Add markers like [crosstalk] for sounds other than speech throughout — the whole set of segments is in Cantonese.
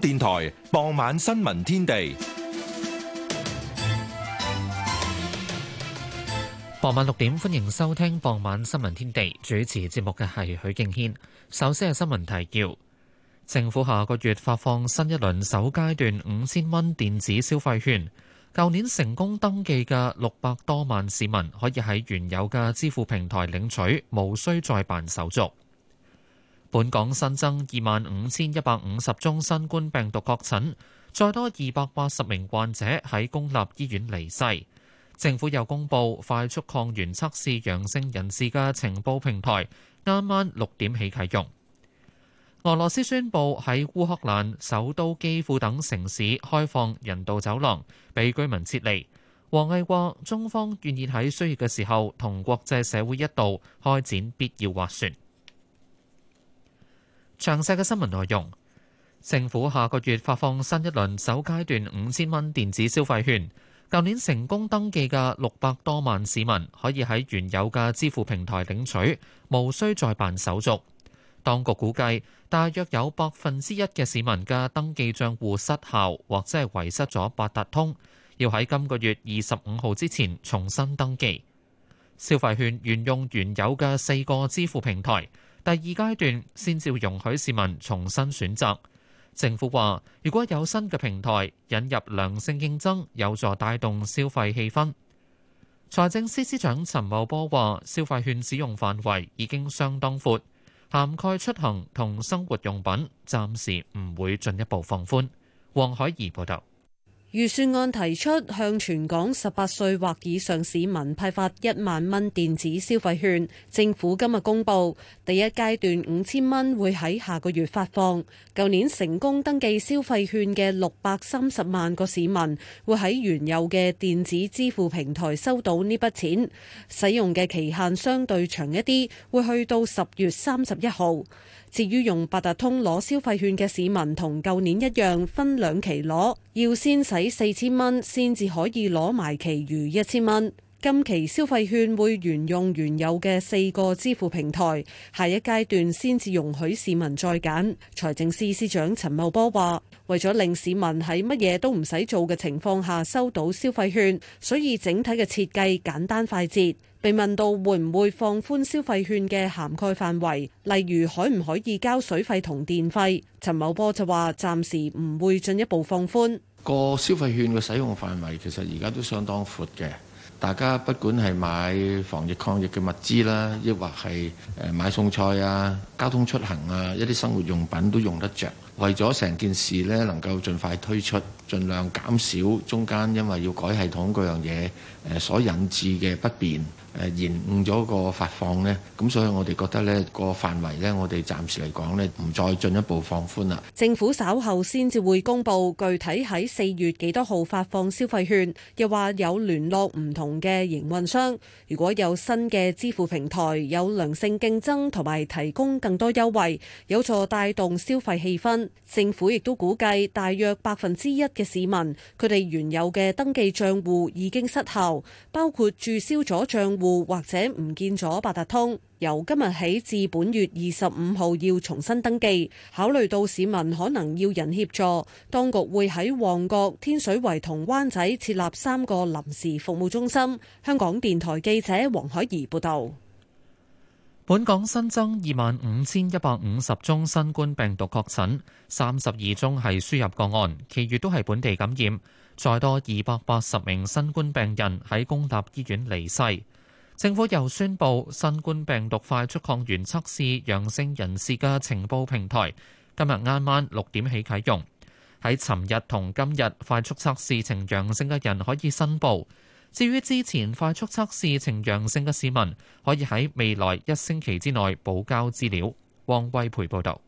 電台傍晚新聞天地，傍晚六點歡迎收聽傍晚新聞天地。主持節目嘅係許敬軒。首先係新聞提要：政府下個月發放新一輪首階段五千蚊電子消費券，舊年成功登記嘅六百多萬市民可以喺原有嘅支付平台領取，無需再辦手續。本港新增二萬五千一百五十宗新冠病毒確診，再多二百八十名患者喺公立醫院離世。政府又公布快速抗原測試陽性人士嘅情報平台，啱啱六點起啟用。俄羅斯宣布喺烏克蘭首都基輔等城市開放人道走廊，俾居民撤離。王毅話中方願意喺需要嘅時候同國際社會一道開展必要斡旋。詳細嘅新聞內容，政府下個月發放新一輪首階段五千蚊電子消費券，舊年成功登記嘅六百多萬市民可以喺原有嘅支付平台領取，無需再辦手續。當局估計，大約有百分之一嘅市民嘅登記賬戶失效或者係遺失咗八達通，要喺今個月二十五號之前重新登記。消費券沿用原有嘅四個支付平台。第二階段先至容許市民重新選擇。政府話，如果有新嘅平台引入良性競爭，有助帶動消費氣氛。財政司司長陳茂波話，消費券使用範圍已經相當闊，涵蓋出行同生活用品，暫時唔會進一步放寬。黃海怡報道。預算案提出向全港十八歲或以上市民派發一萬蚊電子消費券，政府今日公布第一階段五千蚊會喺下個月發放。舊年成功登記消費券嘅六百三十萬個市民會喺原有嘅電子支付平台收到呢筆錢，使用嘅期限相對長一啲，會去到十月三十一號。至於用八達通攞消費券嘅市民，同舊年一樣，分兩期攞，要先使四千蚊，先至可以攞埋其餘一千蚊。今期消費券會沿用原有嘅四個支付平台，下一階段先至容許市民再揀。財政司司長陳茂波話。為咗令市民喺乜嘢都唔使做嘅情況下收到消費券，所以整體嘅設計簡單快捷。被問到會唔會放寬消費券嘅涵蓋範圍，例如可唔可以交水費同電費，陳茂波就話暫時唔會進一步放寬。個消費券嘅使用範圍，其實而家都相當闊嘅。大家不管係買防疫抗疫嘅物資啦，抑或係誒買餸菜啊、交通出行啊、一啲生活用品都用得着。為咗成件事呢，能夠盡快推出，儘量減少中間因為要改系統嗰樣嘢所引致嘅不便。誒延誤咗個發放咧，咁所以我哋覺得咧個範圍咧，我哋暫時嚟講咧唔再進一步放寬啦。政府稍後先至會公布具體喺四月幾多號發放消費券，又話有聯絡唔同嘅營運商，如果有新嘅支付平台有良性競爭同埋提供更多優惠，有助帶動消費氣氛。政府亦都估計大約百分之一嘅市民，佢哋原有嘅登記賬戶已經失效，包括註銷咗賬戶。或者唔見咗八達通，由今日起至本月二十五號要重新登記。考慮到市民可能要人協助，當局會喺旺角、天水圍同灣仔設立三個臨時服務中心。香港電台記者黃海怡報道。本港新增二萬五千一百五十宗新冠病毒確診，三十二宗係輸入個案，其餘都係本地感染。再多二百八十名新冠病人喺公立醫院離世。政府又宣布新冠病毒快速抗原測試陽性人士嘅情報平台，今日啱啱六點起啟用。喺尋日同今日快速測試呈陽性嘅人可以申報。至於之前快速測試呈陽性嘅市民，可以喺未來一星期之內補交資料。汪惠培報道。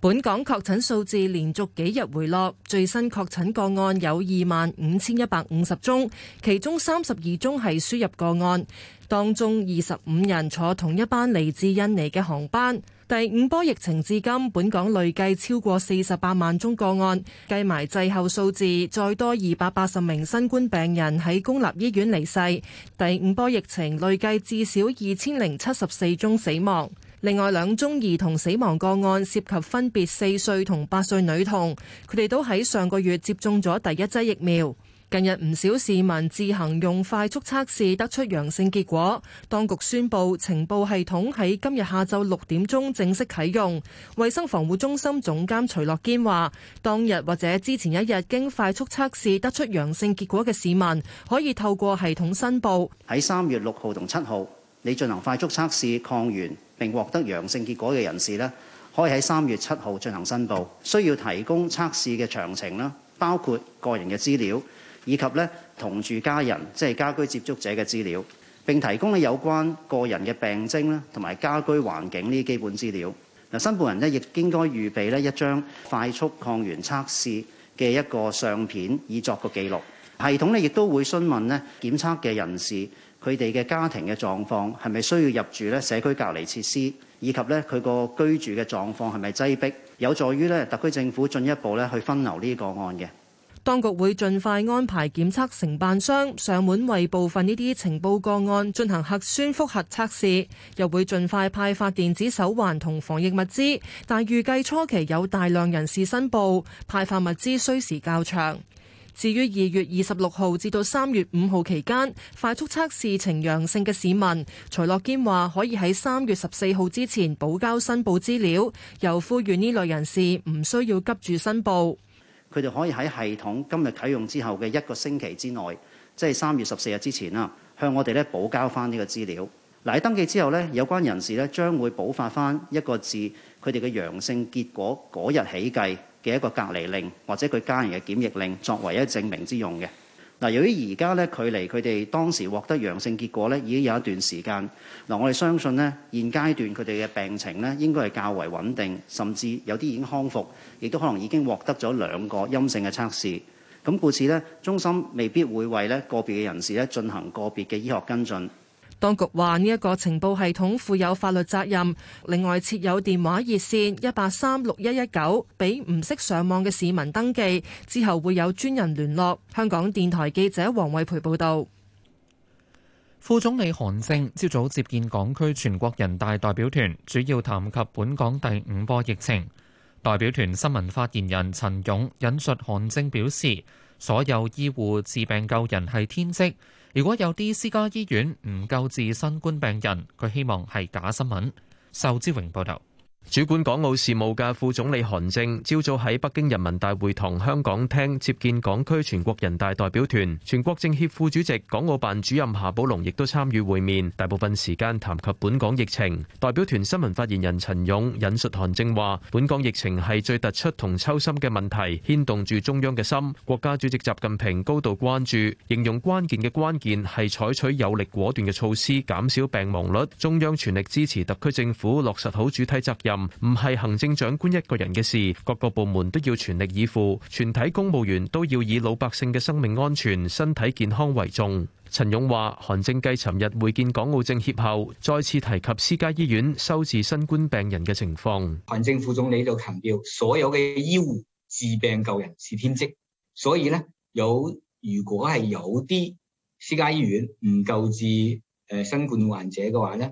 本港確診數字連續幾日回落，最新確診個案有二萬五千一百五十宗，其中三十二宗係輸入個案，當中二十五人坐同一班嚟自印尼嘅航班。第五波疫情至今，本港累計超過四十八萬宗個案，計埋滯後數字，再多二百八十名新冠病人喺公立醫院離世。第五波疫情累計至少二千零七十四宗死亡。另外，兩宗兒童死亡個案涉及分別四歲同八歲女童，佢哋都喺上個月接種咗第一劑疫苗。近日唔少市民自行用快速測試得出陽性結果，當局宣布情報系統喺今日下晝六點鐘正式啟用。衛生防護中心總監徐樂堅話，當日或者之前一日經快速測試得出陽性結果嘅市民，可以透過系統申報。喺三月六號同七號，你進行快速測試抗原，並獲得陽性結果嘅人士咧，可以喺三月七號進行申報，需要提供測試嘅詳情啦，包括個人嘅資料，以及咧同住家人即係家居接觸者嘅資料，並提供有關個人嘅病徵啦，同埋家居環境呢啲基本資料。嗱，申報人咧亦應該預備咧一張快速抗原測試嘅一個相片，以作個記錄。系統咧亦都會詢問咧檢測嘅人士。佢哋嘅家庭嘅狀況係咪需要入住咧社區隔離設施，以及咧佢個居住嘅狀況係咪擠迫，有助於咧特區政府進一步咧去分流呢啲個案嘅。當局會盡快安排檢測承辦商上門為部分呢啲情報個案進行核酸覆核測試，又會盡快派發電子手環同防疫物資，但預計初期有大量人士申報，派發物資需時較長。至於二月二十六號至到三月五號期間快速測試呈陽性嘅市民，徐樂堅話可以喺三月十四號之前補交申報資料，又呼籲呢類人士唔需要急住申報。佢哋可以喺系統今日啟用之後嘅一個星期之內，即係三月十四日之前啦，向我哋咧補交翻呢個資料。嗱，登記之後咧，有關人士咧將會補發翻一個字，佢哋嘅陽性結果嗰日起計。嘅一個隔離令，或者佢家人嘅檢疫令，作為一個證明之用嘅嗱。由於而家咧距離佢哋當時獲得陽性結果咧已經有一段時間嗱，我哋相信咧現階段佢哋嘅病情咧應該係較為穩定，甚至有啲已經康復，亦都可能已經獲得咗兩個陰性嘅測試。咁故此咧，中心未必會為咧個別嘅人士咧進行個別嘅醫學跟進。當局話呢一個情報系統負有法律責任，另外設有電話熱線一八三六一一九，俾唔識上網嘅市民登記，之後會有專人聯絡。香港電台記者黃慧培報道。副總理韓正朝早接見港區全國人大代表團，主要談及本港第五波疫情。代表團新聞發言人陳勇引述韓正表示：所有醫護治病救人係天職。如果有啲私家醫院唔救治新冠病人，佢希望係假新聞。仇志榮報導。主管港澳事務嘅副總理韓正朝早喺北京人民大會堂香港廳接見港區全國人大代表團，全國政協副主席、港澳辦主任夏寶龍亦都參與會面。大部分時間談及本港疫情，代表團新聞發言人陳勇引述韓正話，本港疫情係最突出同揪心嘅問題，牽動住中央嘅心，國家主席習近平高度關注，形容關鍵嘅關鍵係採取有力果斷嘅措施，減少病亡率。中央全力支持特區政府落實好主體責任。唔係行政長官一個人嘅事，各個部門都要全力以赴，全體公務員都要以老百姓嘅生命安全、身體健康為重。陳勇話，韓正繼尋日會見港澳政協後，再次提及私家醫院收治新冠病人嘅情況。韓正副總理就強調，所有嘅醫護治病救人是天職，所以呢，有如果係有啲私家醫院唔救治誒新冠患者嘅話呢，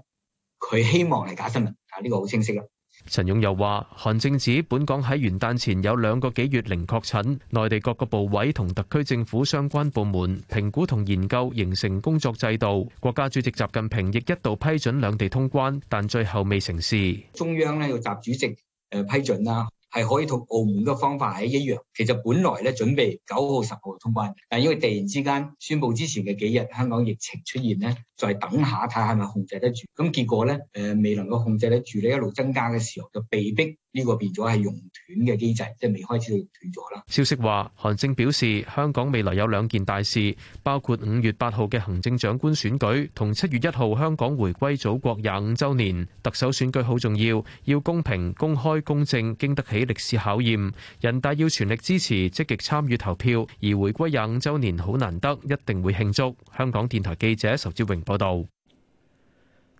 佢希望係假新聞啊！呢個好清晰啦。陳勇又話，韓正指本港喺元旦前有兩個幾月零確診，內地各個部委同特區政府，相關部門評估同研究，形成工作制度。國家主席習近平亦一度批准兩地通關，但最後未成事。中央呢要習主席誒批准啦。係可以同澳門嘅方法係一樣，其實本來咧準備九號十號通關，但因為突然之間宣布之前嘅幾日香港疫情出現咧，就係等下睇下係咪控制得住，咁結果咧誒、呃、未能夠控制得住咧，你一路增加嘅時候就被逼。呢個變咗係熔斷嘅機制，即係未開始就斷咗啦。消息話，韓正表示，香港未來有兩件大事，包括五月八號嘅行政長官選舉同七月一號香港回歸祖國廿五週年特首選舉，好重要，要公平、公開、公正，經得起歷史考驗。人大要全力支持，積極參與投票。而回歸廿五週年好難得，一定會慶祝。香港電台記者仇志榮報道。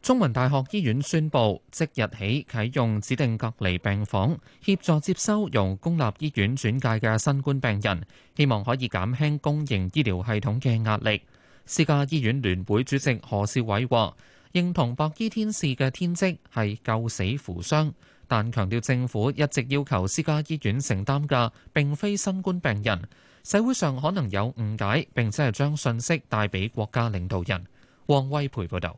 中文大學醫院宣布即日起啟用指定隔離病房，協助接收由公立醫院轉介嘅新冠病人，希望可以減輕公營醫療系統嘅壓力。私家醫院聯會主席何少偉話，認同白衣天使嘅天職係救死扶傷，但強調政府一直要求私家醫院承擔嘅並非新冠病人，社會上可能有誤解，並且係將信息帶俾國家領導人。王威培報道。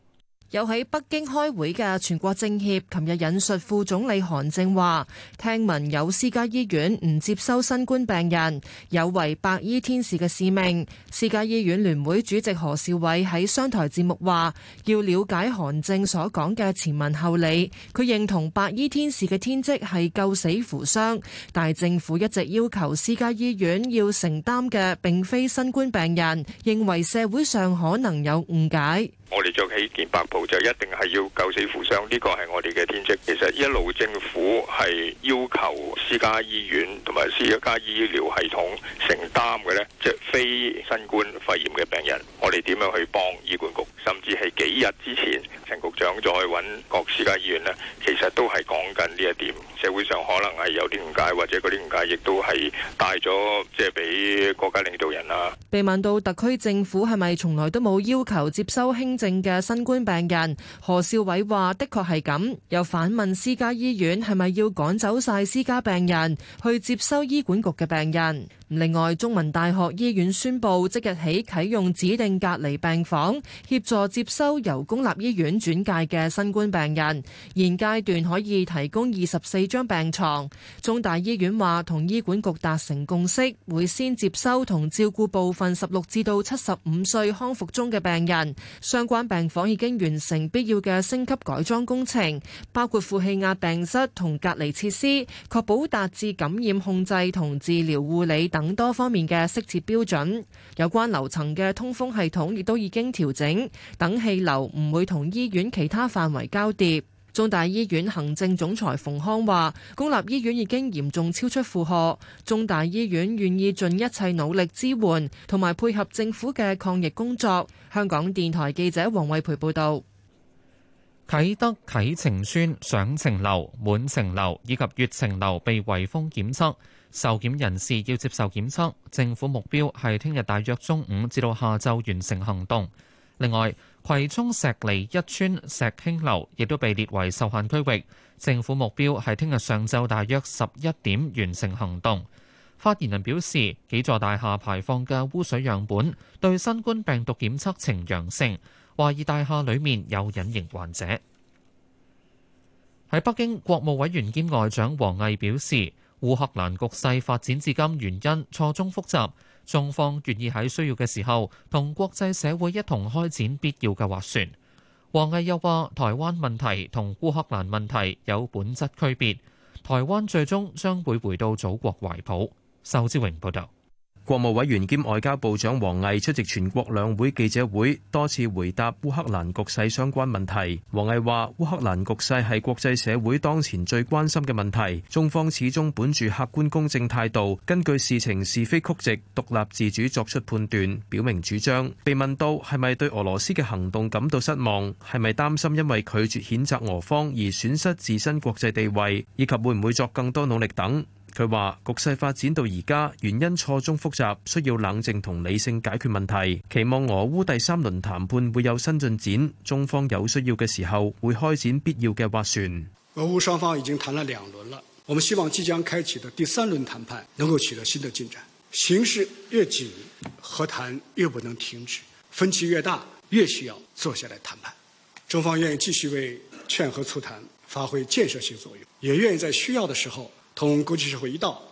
有喺北京開會嘅全國政協，琴日引述副總理韓正話，聽聞有私家醫院唔接收新冠病人，有違白衣天使嘅使命。私家醫院聯會主席何兆偉喺商台節目話，要了解韓正所講嘅前文後理，佢認同白衣天使嘅天職係救死扶傷，但政府一直要求私家醫院要承擔嘅，並非新冠病人，認為社會上可能有誤解。我哋著起件白袍，就一定係要救死扶傷，呢個係我哋嘅天職。其實一路政府係要求私家醫院同埋私一家醫療系統承擔嘅咧，即係非新冠肺炎嘅病人，我哋點樣去幫醫管局？甚至係幾日之前，陳局長再揾各私家醫院咧，其實都係講緊呢一點，社會上可能係有啲誤解，或者嗰啲誤解亦都係帶咗即係俾國家領導人啊。被問到特區政府係咪從來都冇要求接收輕症嘅新冠病人，何少偉話的確係咁，又反問私家醫院係咪要趕走晒私家病人去接收醫管局嘅病人？另外，中文大學醫院宣布即日起啟用指定隔離病房，協助接收由公立醫院轉介嘅新冠病人。現階段可以提供二十四張病床。中大醫院話同醫管局達成共識，會先接收同照顧部分十六至到七十五歲康復中嘅病人。相關病房已經完成必要嘅升級改裝工程，包括負氣壓病室同隔離設施，確保達至感染控制同治療護理等。等多方面嘅適切標準，有關樓層嘅通風系統亦都已經調整，等氣流唔會同醫院其他範圍交疊，中大醫院行政總裁馮康話：公立醫院已經嚴重超出負荷，中大醫院願意盡一切努力支援同埋配合政府嘅抗疫工作。香港電台記者黃慧培報道。啟德啟晴邨上晴樓、滿晴樓以及月晴樓被圍封檢測。受檢人士要接受檢測，政府目標係聽日大約中午至到下晝完成行動。另外，葵涌石籬一村石興樓亦都被列為受限區域，政府目標係聽日上晝大約十一點完成行動。發言人表示，幾座大廈排放嘅污水樣本對新冠病毒檢測呈陽性，懷疑大廈裏面有隱形患者。喺北京，國務委員兼外長王毅表示。烏克蘭局勢發展至今，原因錯綜複雜，中方願意喺需要嘅時候，同國際社會一同開展必要嘅斡旋。王毅又話，台灣問題同烏克蘭問題有本質區別，台灣最終將會回到祖國懷抱。壽之榮報道。國務委員兼外交部長王毅出席全國兩會記者會，多次回答烏克蘭局勢相關問題。王毅話：烏克蘭局勢係國際社會當前最關心嘅問題，中方始終本住客觀公正態度，根據事情是非曲直，獨立自主作出判斷，表明主張。被問到係咪對俄羅斯嘅行動感到失望，係咪擔心因為拒絕譴責俄方而損失自身國際地位，以及會唔會作更多努力等。佢話：局勢發展到而家，原因錯綜複雜，需要冷靜同理性解決問題。期望俄烏第三輪談判會有新進展，中方有需要嘅時候會開展必要嘅斡旋。俄烏雙方已經談了兩輪了，我們希望即將開啟的第三輪談判能夠取得新的進展。形勢越緊，和談越不能停止；分歧越大，越需要坐下來談判。中方願意繼續為勸和促談發揮建設性作用，也願意在需要的時候，同國際社會一道，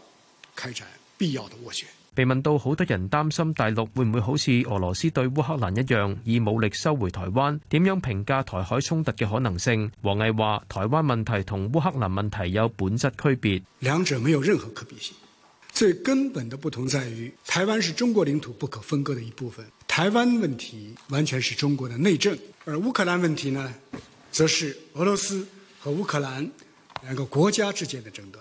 開展必要的斡旋。被問到好多人擔心大陸會唔會好似俄羅斯對烏克蘭一樣，以武力收回台灣，點樣評價台海衝突嘅可能性？王毅話：台灣問題同烏克蘭問題有本質區別，兩者沒有任何可比性。最根本的不同在於，台灣是中國領土不可分割的一部分，台灣問題完全係中國的內政，而烏克蘭問題呢，則是俄羅斯和烏克蘭兩個國家之間的爭端。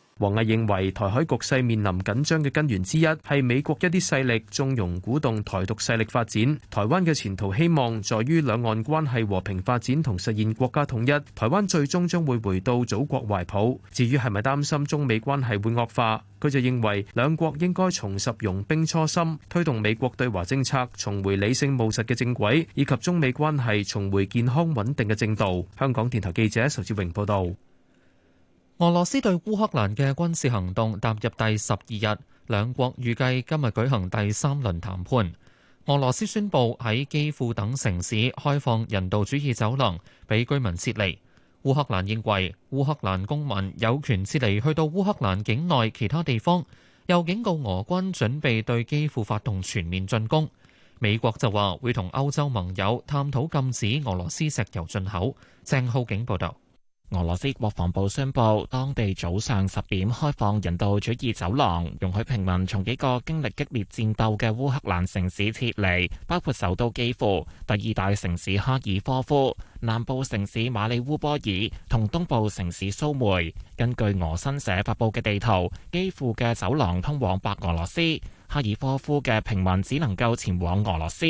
王毅認為，台海局勢面臨緊張嘅根源之一係美國一啲勢力縱容鼓動台獨勢力發展。台灣嘅前途希望在於兩岸關係和平發展同實現國家統一，台灣最終將會回到祖國懷抱。至於係咪擔心中美關係會惡化，佢就認為兩國應該重拾融冰初心，推動美國對華政策重回理性務實嘅正軌，以及中美關係重回健康穩定嘅正道。香港電台記者仇志榮報道。俄羅斯對烏克蘭嘅軍事行動踏入第十二日，兩國預計今日舉行第三輪談判。俄羅斯宣布喺基輔等城市開放人道主義走廊，俾居民撤離。烏克蘭認為烏克蘭公民有權撤離去到烏克蘭境內其他地方，又警告俄軍準備對基輔發動全面進攻。美國就話會同歐洲盟友探討禁止俄羅斯石油進口。鄭浩景報道。俄羅斯國防部宣布，當地早上十點開放人道主義走廊，容許平民從幾個經歷激烈戰鬥嘅烏克蘭城市撤離，包括首都基輔、第二大城市哈爾科夫、南部城市馬里烏波爾同東部城市蘇梅。根據俄新社發布嘅地圖，基輔嘅走廊通往白俄羅斯，哈爾科夫嘅平民只能夠前往俄羅斯。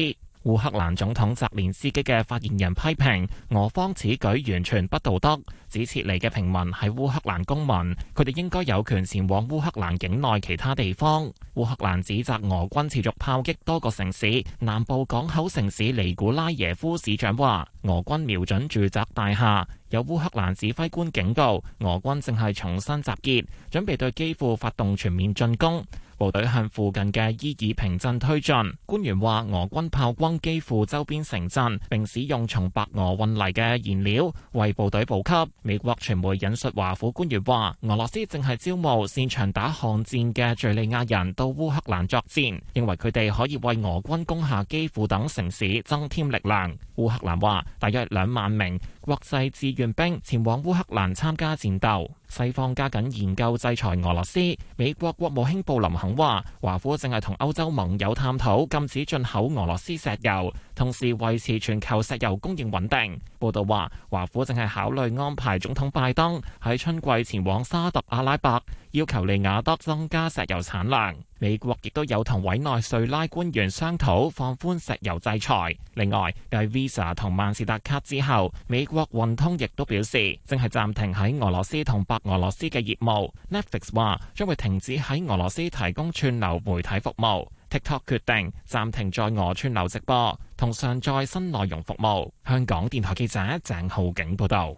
烏克蘭總統澤連斯基嘅發言人批評俄方此舉完全不道德，指撤離嘅平民係烏克蘭公民，佢哋應該有權前往烏克蘭境內其他地方。烏克蘭指責俄軍持續炮擊多個城市，南部港口城市尼古拉耶夫市長話，俄軍瞄準住宅大廈。有烏克蘭指揮官警告，俄軍正係重新集結，準備對基輔發動全面進攻。部隊向附近嘅伊爾平鎮推進。官員話，俄軍炮轟基輔周邊城鎮，並使用從白俄運嚟嘅燃料為部隊補給。美國傳媒引述華府官員話，俄羅斯正係招募擅長打巷戰嘅敘利亞人到烏克蘭作戰，認為佢哋可以為俄軍攻下基輔等城市增添力量。烏克蘭話，大約兩萬名國際志願兵前往烏克蘭參加戰鬥。西方加緊研究制裁俄羅斯，美國國務卿布林肯話：華府正係同歐洲盟友探討禁止進口俄羅斯石油。同時維持全球石油供應穩定。報道話，華府正係考慮安排總統拜登喺春季前往沙特阿拉伯，要求利雅得增加石油產量。美國亦都有同委內瑞拉官員商討放寬石油制裁。另外，繼 Visa 同萬事達卡之後，美國運通亦都表示正係暫停喺俄羅斯同白俄羅斯嘅業務。Netflix 話將會停止喺俄羅斯提供串流媒體服務。TikTok 決定暫停在俄串流直播同上載新內容服務。香港電台記者鄭浩景報導。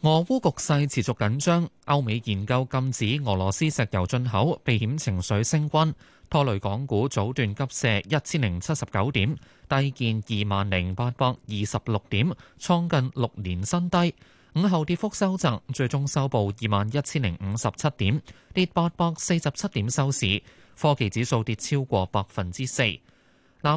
俄烏局勢持續緊張，歐美研究禁止俄羅斯石油進口，避險情緒升溫，拖累港股早段急射一千零七十九點，低見二萬零八百二十六點，創近六年新低。午後跌幅收窄，最終收報二萬一千零五十七點，跌八百四十七點收市。科技指數跌超過百分之四，藍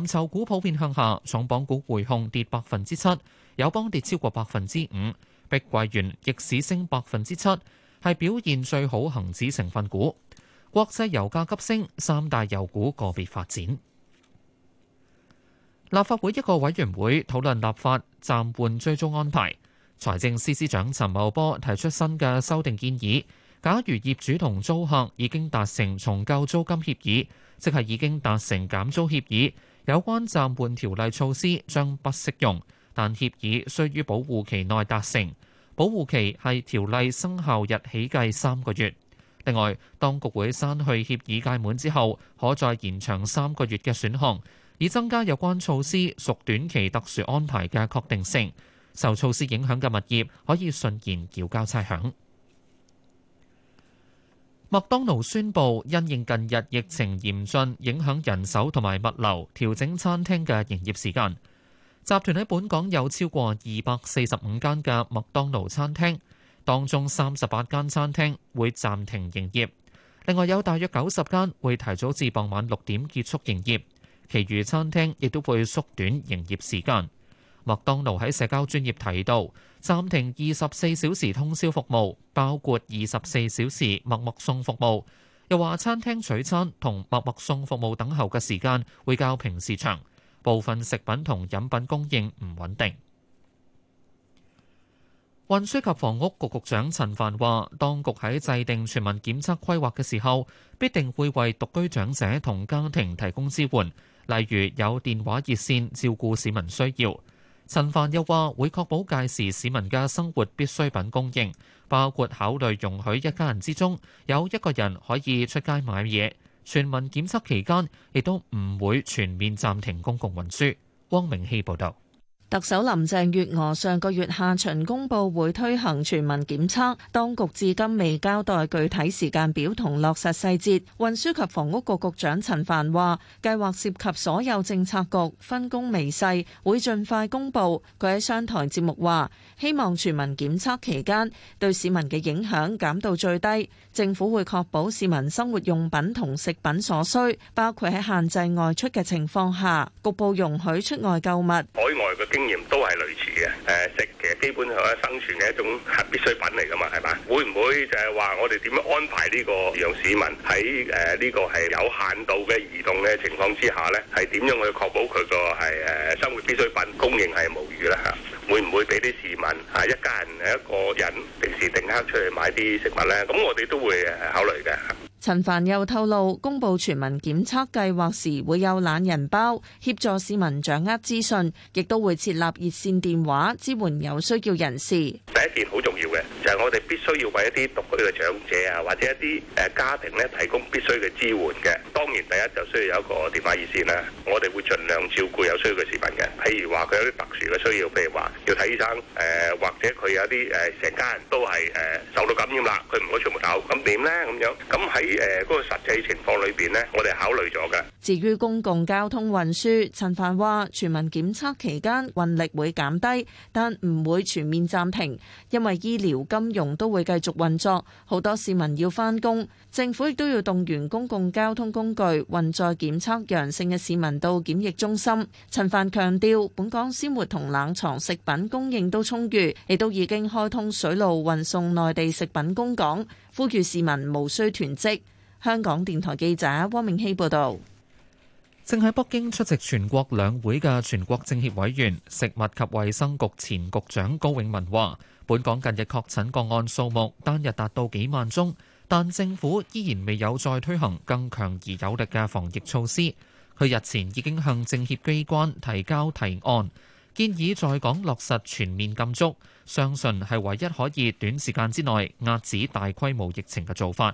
籌股普遍向下，重磅股匯控跌百分之七，友邦跌超過百分之五，碧桂園逆市升百分之七，係表現最好恒指成分股。國際油價急升，三大油股個別發展。立法會一個委員會討論立法暫緩追蹤安排，財政司司長陳茂波提出新嘅修訂建議。假如業主同租客已經達成重購租金協議，即係已經達成減租協議，有關暫緩條例措施將不適用，但協議需於保護期內達成。保護期係條例生效日起計三個月。另外，當局會刪去協議屆滿之後可再延長三個月嘅選項，以增加有關措施屬短期特殊安排嘅確定性。受措施影響嘅物業可以順延繳交差餉。麥當勞宣布，因應近日疫情嚴峻，影響人手同埋物流，調整餐廳嘅營業時間。集團喺本港有超過二百四十五間嘅麥當勞餐廳，當中三十八間餐廳會暫停營業，另外有大約九十間會提早至傍晚六點結束營業，其餘餐廳亦都會縮短營業時間。麥當勞喺社交專頁提到，暫停二十四小時通宵服務，包括二十四小時麥麥送服務。又話餐廳取餐同麥麥送服務等候嘅時間會較平時長，部分食品同飲品供應唔穩定。運輸及房屋局局長陳帆話，當局喺制定全民檢測規劃嘅時候，必定會為獨居長者同家庭提供支援，例如有電話熱線照顧市民需要。陳凡又話：會確保屆時市民嘅生活必需品供應，包括考慮容許一家人之中有一個人可以出街買嘢。全民檢測期間，亦都唔會全面暫停公共運輸。汪明希報導。特首林鄭月娥上個月下旬公佈會推行全民檢測，當局至今未交代具體時間表同落實細節。運輸及房屋局局長陳帆話：計劃涉及所有政策局，分工微細，會盡快公佈。佢喺商台節目話：希望全民檢測期間對市民嘅影響減到最低，政府會確保市民生活用品同食品所需，包括喺限制外出嘅情況下，局部容許出外購物。海外嘅經經驗都係類似嘅，誒，食其實基本上係生存嘅一種係必需品嚟噶嘛，係嘛？會唔會就係話我哋點樣安排呢個讓市民喺誒呢個係有限度嘅移動嘅情況之下咧，係點樣去確保佢個係誒生活必需品供應係無虞咧嚇？會唔會俾啲市民啊一家人係一個人平時定刻出去買啲食物咧？咁我哋都會誒考慮嘅。陳凡又透露，公布全民檢測計劃時會有懶人包，協助市民掌握資訊，亦都會設立熱線電話支援有需要人士。第一件好重要。就係我哋必須要為一啲獨居嘅長者啊，或者一啲誒家庭咧提供必須嘅支援嘅。當然第一就需要有一個電話熱線啦。我哋會盡量照顧有需要嘅市民嘅。譬如話佢有啲特殊嘅需要，譬如話要睇醫生，誒或者佢有啲誒成家人都係誒受到感染啦，佢唔可以出門口，咁點咧咁樣？咁喺誒嗰個實際情況裏邊呢，我哋考慮咗嘅。至於公共交通運輸，陳帆話全民檢測期間運力會減低，但唔會全面暫停，因為醫療。金融都會繼續運作，好多市民要翻工，政府亦都要動員公共交通工具運載檢測陽性嘅市民到檢疫中心。陳帆強調，本港鮮活同冷藏食品供應都充裕，亦都已經開通水路運送內地食品供港，呼籲市民無需囤積。香港電台記者汪明熙報道。正喺北京出席全國兩會嘅全國政協委員食物及衛生局前局長高永文話。本港近日確診個案數目單日達到幾萬宗，但政府依然未有再推行更強而有力嘅防疫措施。佢日前已經向政協機關提交提案，建議在港落實全面禁足，相信係唯一可以短時間之內壓止大規模疫情嘅做法。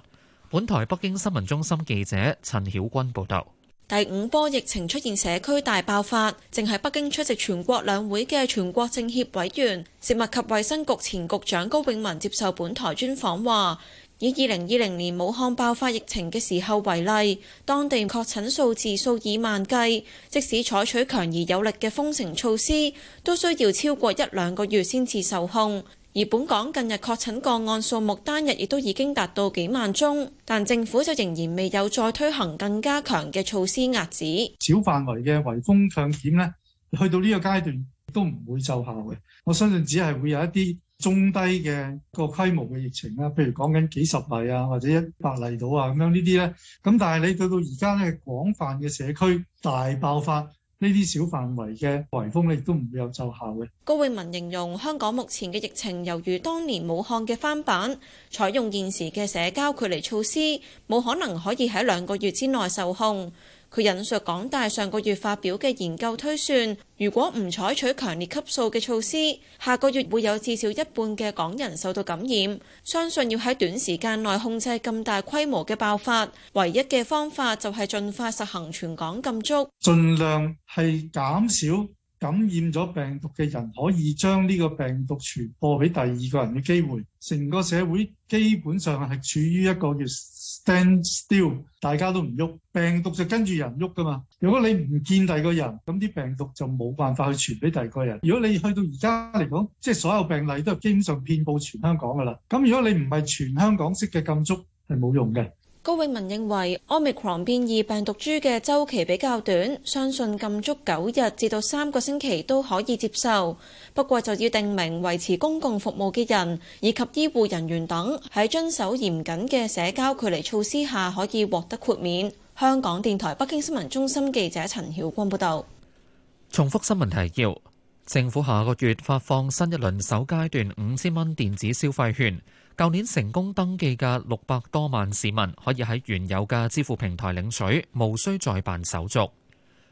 本台北京新聞中心記者陳曉君報道。第五波疫情出現社區大爆發，正係北京出席全國兩會嘅全國政協委員、食物及衛生局前局長高永文接受本台專訪話：以二零二零年武漢爆發疫情嘅時候為例，當地確診數字數以萬計，即使採取強而有力嘅封城措施，都需要超過一兩個月先至受控。而本港近日確診個案數目單日亦都已經達到幾萬宗，但政府就仍然未有再推行更加強嘅措施壓止。小範圍嘅圍封強檢咧，去到呢個階段都唔會奏效嘅。我相信只係會有一啲中低嘅個規模嘅疫情啦，譬如講緊幾十例啊，或者一百例到啊咁樣呢啲咧。咁但係你去到而家咧，廣泛嘅社區大爆發。呢啲小範圍嘅圍封咧，亦都唔會有奏效嘅。高永文形容香港目前嘅疫情猶如當年武漢嘅翻版，採用現時嘅社交距離措施，冇可能可以喺兩個月之內受控。佢引述港大上個月發表嘅研究推算，如果唔採取強烈級數嘅措施，下個月會有至少一半嘅港人受到感染。相信要喺短時間內控制咁大規模嘅爆發，唯一嘅方法就係盡快實行全港禁足，盡量係減少感染咗病毒嘅人可以將呢個病毒傳播俾第二個人嘅機會，成個社會基本上係處於一個叫定住，Stand still, 大家都唔喐，病毒就跟住人喐噶嘛。如果你唔見第二個人，咁啲病毒就冇辦法去傳俾第二個人。如果你去到而家嚟講，即係所有病例都係基本上遍佈全香港噶啦。咁如果你唔係全香港式嘅禁足，係冇用嘅。高永文認為，奧密克戎變異病毒株嘅周期比較短，相信禁足九日至到三個星期都可以接受。不過，就要定明維持公共服務嘅人以及醫護人員等喺遵守嚴謹嘅社交距離措施下可以獲得豁免。香港電台北京新聞中心記者陳曉光報道。重複新聞提要：政府下個月發放新一輪首階段五千蚊電子消費券。舊年成功登記嘅六百多萬市民可以喺原有嘅支付平台領取，無需再辦手續。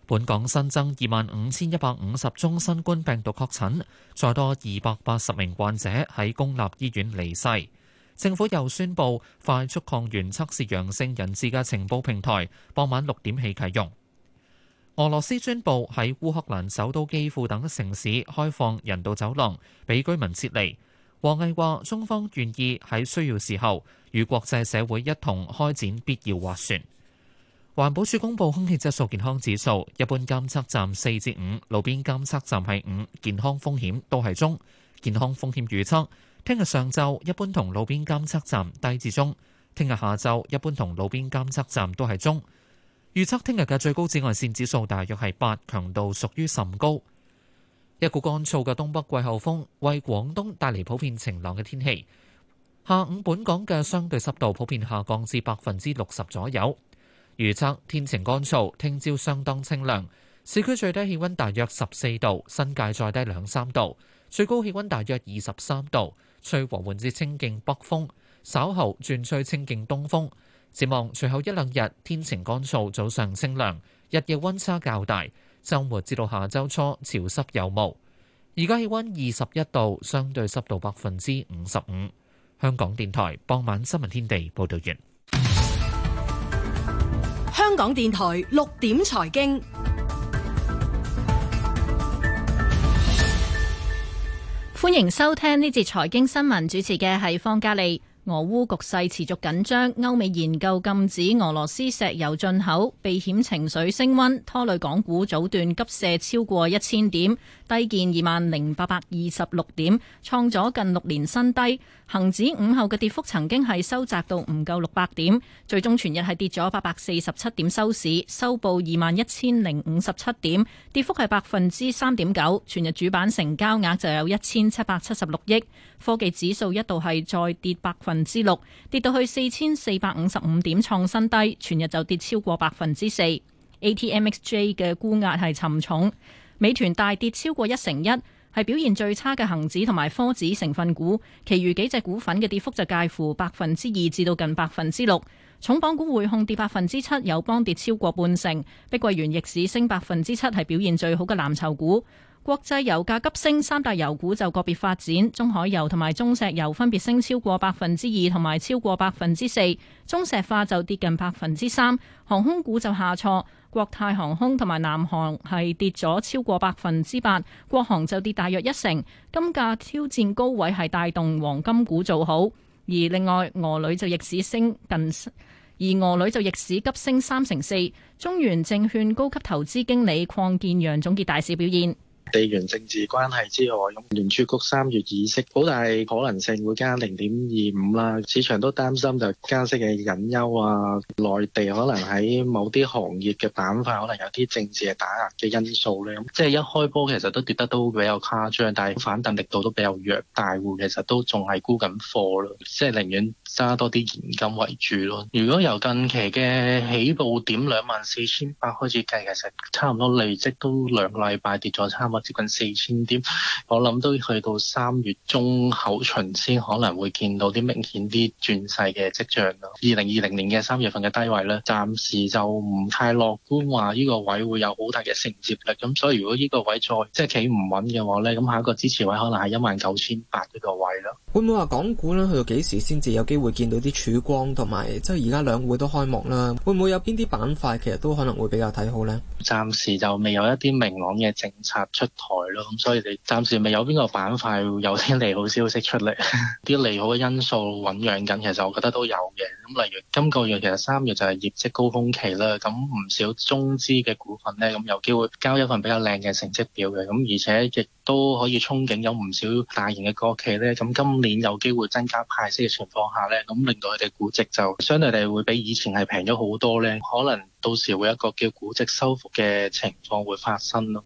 本港新增二萬五千一百五十宗新冠病毒確診，再多二百八十名患者喺公立醫院離世。政府又宣布快速抗原測試陽性人士嘅情報平台傍晚六點起啟用。俄羅斯宣佈喺烏克蘭首都基輔等城市開放人道走廊，俾居民撤離。王毅話：中方願意喺需要時候與國際社會一同開展必要斡旋。環保署公布空氣質素健康指數，一般監測站四至五，路邊監測站係五，健康風險都係中。健康風險預測：聽日上晝一般同路邊監測站低至中；聽日下晝一般同路邊監測站都係中。預測聽日嘅最高紫外線指數大約係八，強度屬於甚高。一股乾燥嘅東北季候風，為廣東帶嚟普遍晴朗嘅天氣。下午本港嘅相對濕度普遍下降至百分之六十左右。預測天晴乾燥，聽朝相當清涼。市區最低氣温大約十四度，新界再低兩三度。最高氣温大約二十三度，吹和緩至清勁北風，稍後轉吹清勁東風。展望隨後一兩日天晴乾燥，早上清涼，日夜温差較大。周末至到下周初潮濕有霧，而家氣温二十一度，相對濕度百分之五十五。香港電台傍晚新聞天地報道完。香港電台六點財經，歡迎收聽呢節財經新聞，主持嘅係方嘉利。俄烏局勢持續緊張，歐美研究禁止俄羅斯石油進口，避險情緒升温，拖累港股早段急瀉超過一千點，低見二萬零八百二十六點，創咗近六年新低。恒指午後嘅跌幅曾經係收窄到唔夠六百點，最終全日係跌咗八百四十七點收市，收報二萬一千零五十七點，跌幅係百分之三點九。全日主板成交額就有一千七百七十六億。科技指數一度係再跌百分之六，跌到去四千四百五十五點創新低，全日就跌超過百分之四。ATMXJ 嘅沽壓係沉重，美團大跌超過一成一，係表現最差嘅恒指同埋科指成分股，其餘幾隻股份嘅跌幅就介乎百分之二至到近百分之六。重磅股匯控跌百分之七，友邦跌超過半成，碧桂園逆市升百分之七，係表現最好嘅藍籌股。國際油價急升，三大油股就個別發展，中海油同埋中石油分別升超過百分之二同埋超過百分之四，中石化就跌近百分之三，航空股就下挫。國泰航空同埋南航係跌咗超過百分之八，國航就跌大約一成。金價挑戰高位係帶動黃金股做好，而另外俄鋁就逆市升近，而俄鋁就逆市急升三成四。中原證券高級投資經理鄺建陽總結大市表現。地緣政治關係之外，聯儲局三月議息好大可能性會加零點二五啦。市場都擔心就加息嘅隱憂啊，內地可能喺某啲行業嘅板塊可能有啲政治嘅打壓嘅因素咧。咁 [laughs] 即係一開波其實都跌得都比較誇張，但係反彈力度都比較弱。大戶其實都仲係沽緊貨咯，即係寧願揸多啲現金為主咯。如果由近期嘅起步點兩萬四千八開始計，其實差唔多累積都兩禮拜跌咗差唔多。接近四千點，我諗都去到三月中下旬先可能會見到啲明顯啲轉勢嘅跡象咯。二零二零年嘅三月份嘅低位咧，暫時就唔太樂觀，話呢個位會有好大嘅承接力。咁所以如果呢個位再即係企唔穩嘅話咧，咁下一個支持位可能係一萬九千八呢個位咯。會唔會話港股咧去到幾時先至有機會見到啲曙光？同埋即係而家兩會都開幕啦，會唔會有邊啲板塊其實都可能會比較睇好咧？暫時就未有一啲明朗嘅政策出台咯，咁所以你暫時未有邊個板塊有啲利好消息出嚟，啲 [laughs] 利好嘅因素醞釀緊。其實我覺得都有嘅。咁例如今個月其實三月就係業績高峰期啦，咁唔少中資嘅股份咧，咁有機會交一份比較靚嘅成績表嘅。咁而且亦都可以憧憬有唔少大型嘅國企咧，咁今年有機會增加派息嘅情況下咧，咁令到佢哋估值就相對地會比以前係平咗好多咧。可能到時會有一個叫估值修復嘅情況會發生咯。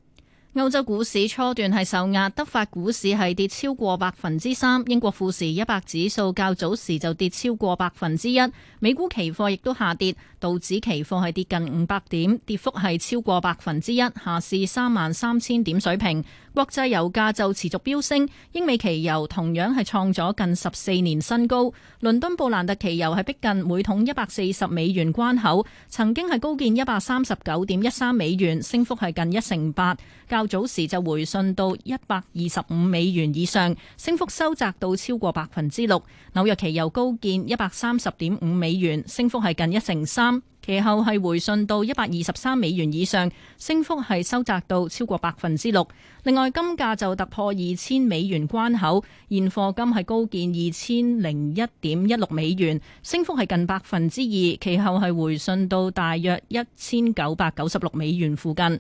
歐洲股市初段係受壓，德、法股市係跌超過百分之三，英國富時一百指數較早時就跌超過百分之一，美股期貨亦都下跌，道指期貨係跌近五百點，跌幅係超過百分之一，下試三萬三千點水平。國際油價就持續飆升，英美期油同樣係創咗近十四年新高。倫敦布蘭特期油係逼近每桶一百四十美元關口，曾經係高見一百三十九點一三美元，升幅係近一成八。較早時就回順到一百二十五美元以上，升幅收窄到超過百分之六。紐約期油高見一百三十點五美元，升幅係近一成三。其後係回信到一百二十三美元以上，升幅係收窄到超過百分之六。另外金價就突破二千美元關口，現貨金係高見二千零一點一六美元，升幅係近百分之二。其後係回信到大約一千九百九十六美元附近。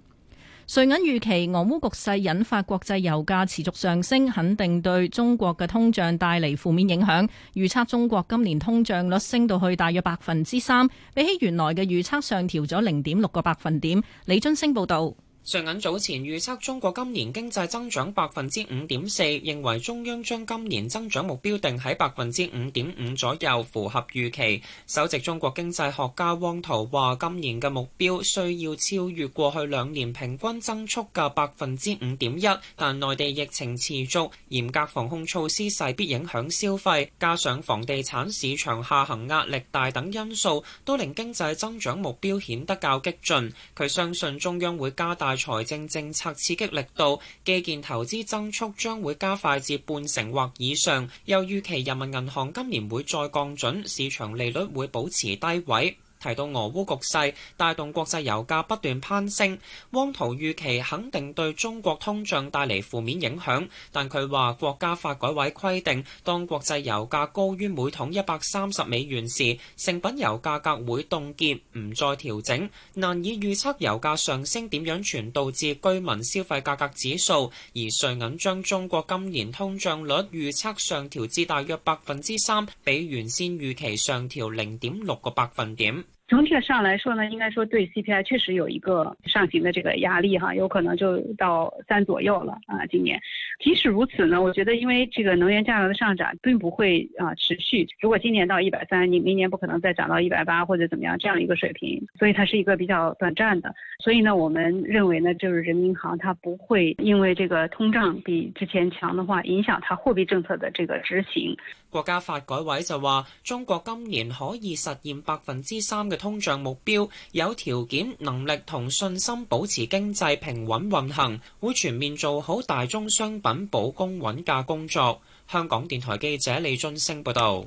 瑞銀預期俄烏局勢引發國際油價持續上升，肯定對中國嘅通脹帶嚟負面影響。預測中國今年通脹率升到去大約百分之三，比起原來嘅預測上調咗零點六個百分點。李津星報導。瑞銀早前預測中國今年經濟增長百分之五點四，認為中央將今年增長目標定喺百分之五點五左右，符合預期。首席中國經濟學家汪濤話：今年嘅目標需要超越過去兩年平均增速嘅百分之五點一，但內地疫情持續，嚴格防控措施勢必影響消費，加上房地產市場下行壓力大等因素，都令經濟增長目標顯得較激進。佢相信中央會加大財政政策刺激力度，基建投資增速將會加快至半成或以上，又預期人民銀行今年會再降準，市場利率會保持低位。提到俄烏局勢帶動國際油價不斷攀升，汪濤預期肯定對中國通脹帶嚟負面影響，但佢話國家發改委規定，當國際油價高於每桶一百三十美元時，成品油價格會凍結唔再調整。難以預測油價上升點樣傳導至居民消費價格指數，而瑞銀將中國今年通脹率預測上調至大約百分之三，比原先預期上調零點六個百分點。總體上來說呢，應該說對 CPI 確實有一個上行的這個壓力哈，有可能就到三左右了啊、呃，今年。即使如此呢，我覺得因為這個能源價格的上漲，並不會啊持續。如果今年到一百三，你明年不可能再漲到一百八或者怎麼樣這樣一個水平，所以它是一個比較短暫的。所以呢，我們認為呢，就是人民銀行它不會因為這個通脹比之前強的話，影響它貨幣政策的這個執行。國家發改委就話，中國今年可以實現百分之三嘅通脹目標，有條件、能力同信心保持經濟平穩運行，會全面做好大宗商品。穩保供穩價工作。香港電台記者李俊升報道，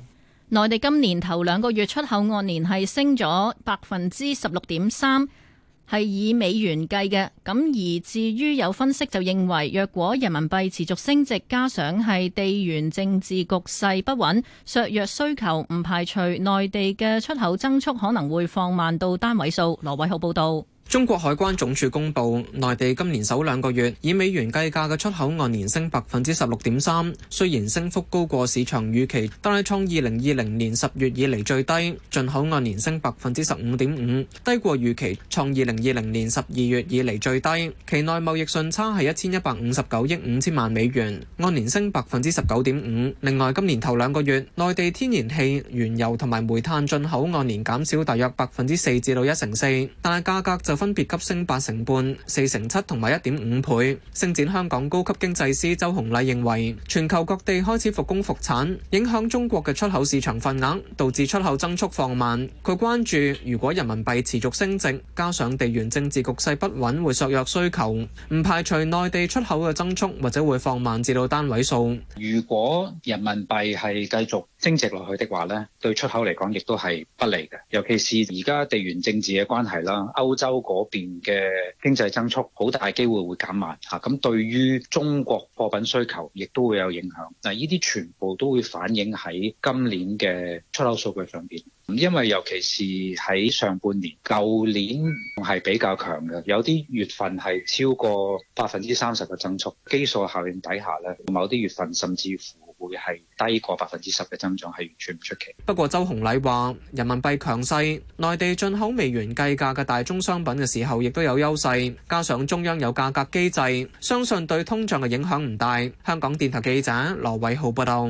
內地今年頭兩個月出口按年係升咗百分之十六點三，係以美元計嘅。咁而至於有分析就認為，若果人民幣持續升值，加上係地緣政治局勢不穩、削弱需求，唔排除內地嘅出口增速可能會放慢到單位數。羅偉浩報道。中國海關總署公布，內地今年首兩個月以美元計價嘅出口按年升百分之十六點三，雖然升幅高過市場預期，但係創二零二零年十月以嚟最低；進口按年升百分之十五點五，低過預期，創二零二零年十二月以嚟最低。期內貿易順差係一千一百五十九億五千萬美元，按年升百分之十九點五。另外，今年頭兩個月，內地天然氣、原油同埋煤炭進口按年減少大約百分之四至到一成四，但係價格就分別急升八成半、四成七同埋一點五倍。星展香港高級經濟師周紅麗認為，全球各地開始複工復產，影響中國嘅出口市場份額，導致出口增速放慢，佢關注如果人民幣持續升值，加上地緣政治局勢不穩會削弱需求，唔排除內地出口嘅增速或者會放慢至到單位數。如果人民幣係繼續升值落去的話咧，對出口嚟講亦都係不利嘅，尤其是而家地緣政治嘅關係啦，歐洲。嗰邊嘅經濟增速好大機會會減慢嚇，咁，啊、對於中國貨品需求亦都會有影響。嗱、啊，呢啲全部都會反映喺今年嘅出口數據上邊，嗯。因為尤其是喺上半年，舊年係比較強嘅，有啲月份係超過百分之三十嘅增速。基數效應底下呢，某啲月份甚至乎，會係低過百分之十嘅增長，係完全唔出奇。不過周鴻禮話，人民幣強勢，內地進口美元計價嘅大宗商品嘅時候，亦都有優勢。加上中央有價格機制，相信對通脹嘅影響唔大。香港電台記者羅偉浩報道，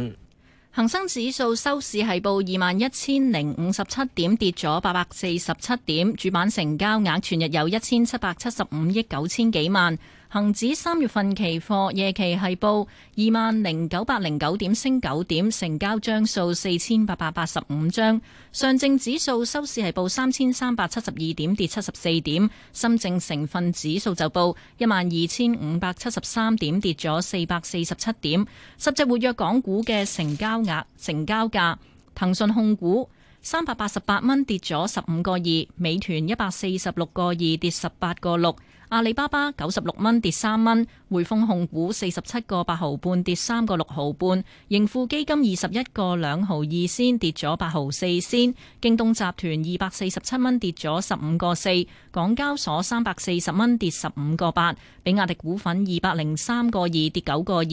恒生指數收市係報二萬一千零五十七點，跌咗八百四十七點。主板成交額全日有一千七百七十五億九千幾萬。恒指三月份期貨夜期係報二萬零九百零九點，升九點，成交張數四千八百八十五張。上證指數收市係報三千三百七十二點，跌七十四點。深證成分指數就報一萬二千五百七十三點，跌咗四百四十七點。十隻活躍港股嘅成交額、成交價，騰訊控股三百八十八蚊，跌咗十五個二；美團一百四十六個二，跌十八個六。阿里巴巴九十六蚊跌三蚊，匯豐控股四十七個八毫半跌三個六毫半，盈富基金二十一個兩毫二先跌咗八毫四先，京東集團二百四十七蚊跌咗十五個四，港交所三百四十蚊跌十五個八，比亞迪股份二百零三個二跌九個二，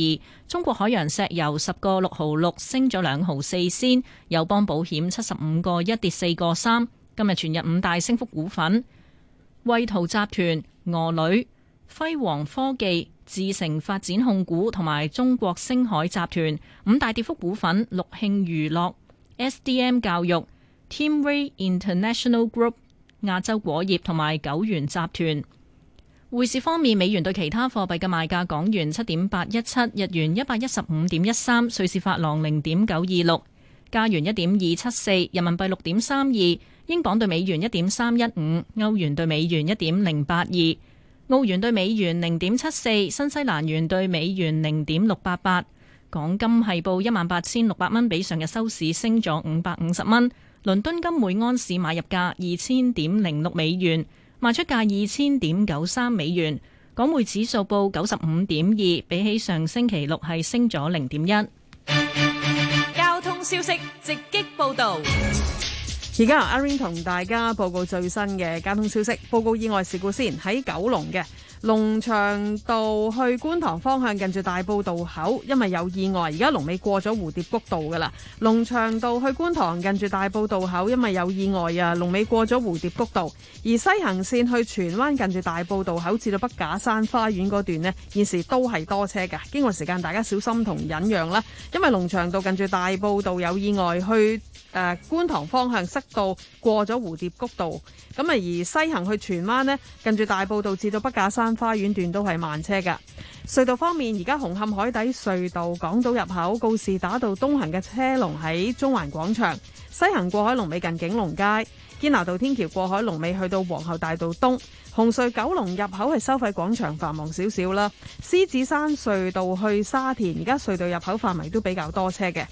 中國海洋石油十個六毫六升咗兩毫四先，友邦保險七十五個一跌四個三，今日全日五大升幅股份。惠濤集團、俄女、輝煌科技、智誠發展控股同埋中國星海集團五大跌幅股份，六慶娛樂、S D M 教育、Teamway International Group、亞洲果業同埋九源集團。匯市方面，美元對其他貨幣嘅賣價：港元七點八一七，日元一百一十五點一三，瑞士法郎零點九二六。加元一點二七四，人民幣六點三二，英鎊對美元一點三一五，歐元對美元一點零八二，澳元對美元零點七四，新西蘭元對美元零點六八八。港金係報一萬八千六百蚊，比上日收市升咗五百五十蚊。倫敦金每安士買入價二千點零六美元，賣出價二千點九三美元。港匯指數報九十五點二，比起上星期六係升咗零點一。消息直擊報道，而家由阿 Ring 同大家報告最新嘅交通消息。報告意外事故先，喺九龍嘅。龍翔道去觀塘方向近住大埔道口，因為有意外，而家龍尾過咗蝴蝶谷道噶啦。龍翔道去觀塘近住大埔道口，因為有意外啊，龍尾過咗蝴蝶谷道。而西行綫去荃灣近住大埔道口至到畢架山花園嗰段呢，現時都係多車噶。經過時間，大家小心同忍讓啦，因為龍翔道近住大埔道有意外去。誒、呃，觀塘方向塞到過咗蝴蝶谷道，咁啊而西行去荃灣咧，近住大埔道至到北架山花園段都係慢車嘅。隧道方面，而家紅磡海底隧道港島入口告士打道東行嘅車龍喺中環廣場，西行過海龍尾近景龍街，堅拿道天橋過海龍尾去到皇后大道東，紅隧九龍入口係收費廣場繁忙少少啦。獅子山隧道去沙田，而家隧道入口範圍都比較多車嘅。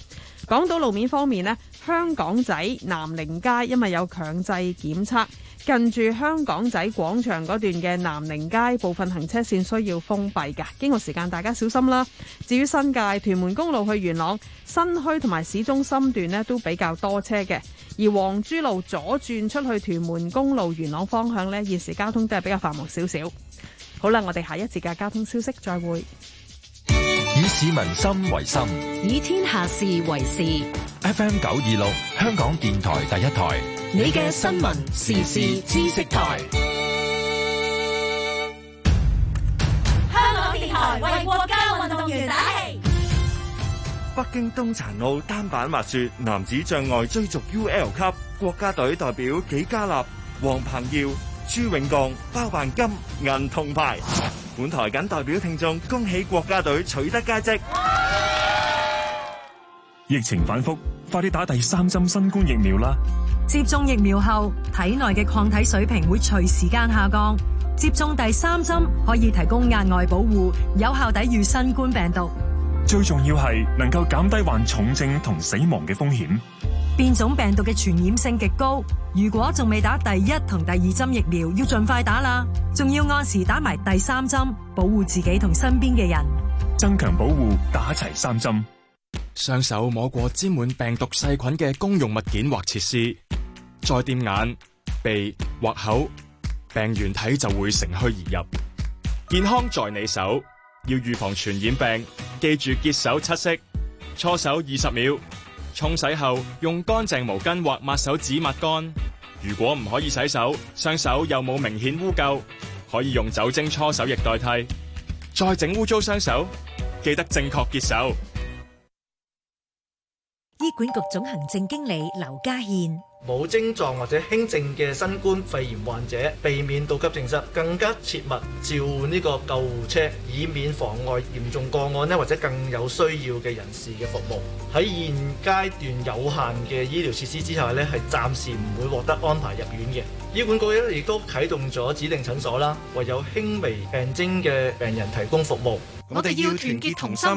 港島路面方面咧，香港仔南寧街因為有強制檢測，近住香港仔廣場嗰段嘅南寧街部分行車線需要封閉噶，經過時間大家小心啦。至於新界屯門公路去元朗、新墟同埋市中心段咧，都比較多車嘅。而黃珠路左轉出去屯門公路元朗方向呢，現時交通都係比較繁忙少少。好啦，我哋下一節嘅交通消息再會。以市民心為心，以天下事為事。FM 926香港電台第一台，你嘅新聞時事知識台。香港電台為國家運動員打氣。北京冬殘奧單板滑雪男子障礙追逐 UL 級，國家隊代表紀佳立、黃鵬耀。朱永鋼包辦金銀銅牌，本台謹代表聽眾恭喜國家隊取得佳績。疫情反覆，快啲打第三針新冠疫苗啦！接種疫苗後，體內嘅抗體水平會隨時間下降，接種第三針可以提供額外保護，有效抵御新冠病毒。最重要係能夠減低患重症同死亡嘅風險。變種病毒嘅傳染性極高，如果仲未打第一同第二針疫苗，要盡快打啦。仲要按時打埋第三針，保護自己同身邊嘅人，增強保護，打齊三針。雙手摸過沾滿病毒細菌嘅公用物件或設施，再掂眼、鼻或口，病原體就會乘虛而入。健康在你手，要預防傳染病，記住潔手七式，搓手二十秒。沖洗後，用乾淨毛巾或抹手紙抹乾。如果唔可以洗手，雙手又冇明顯污垢，可以用酒精搓手液代替。再整污糟雙手，記得正確潔手。醫管局總行政經理劉家獻：冇症狀或者輕症嘅新冠肺炎患者，避免到急症室，更加切勿召喚呢個救護車，以免妨礙嚴重個案咧或者更有需要嘅人士嘅服務。喺現階段有限嘅醫療設施之下咧，係暫時唔會獲得安排入院嘅。醫管局咧亦都啟動咗指定診所啦，為有輕微病徵嘅病人提供服務。我哋要團結同心。